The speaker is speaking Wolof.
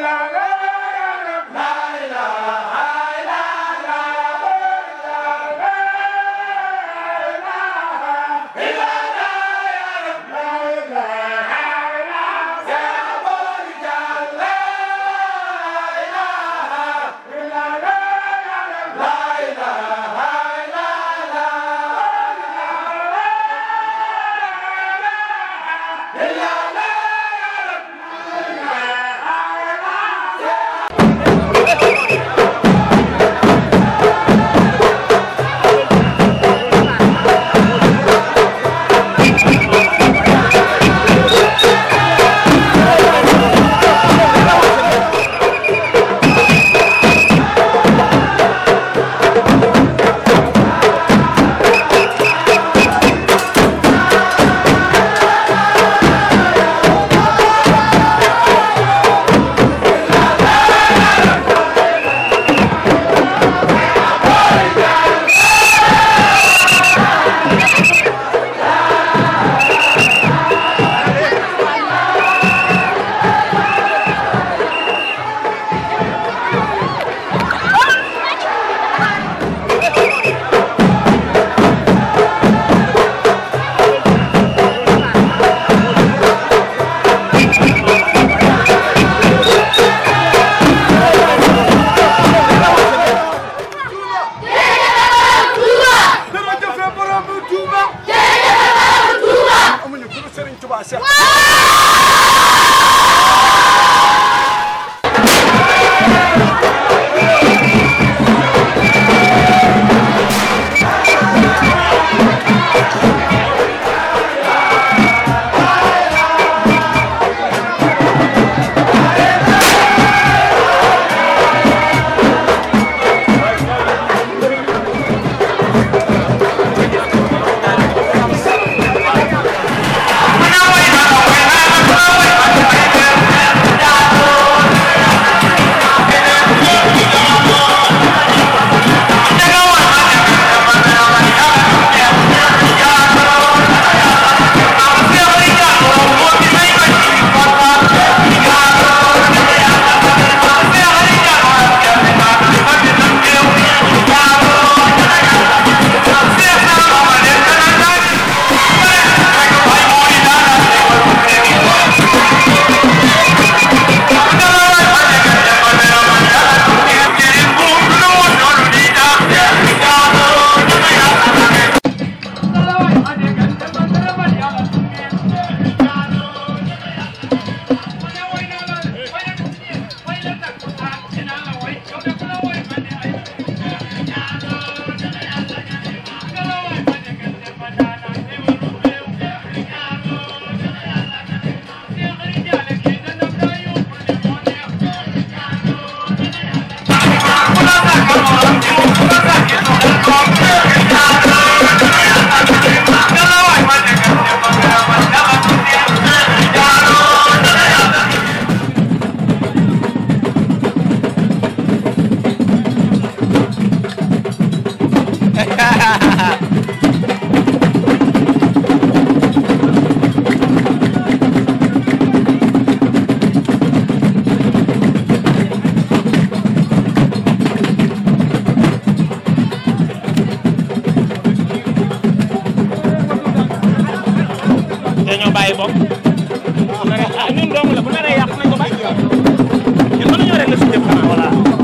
Hello! Touba Cheikh. ay bokk ah, ñun doomu la bu naree yàq nañ ko bàyyi ñun mënuñoo régler suñu jëf xanaa voilà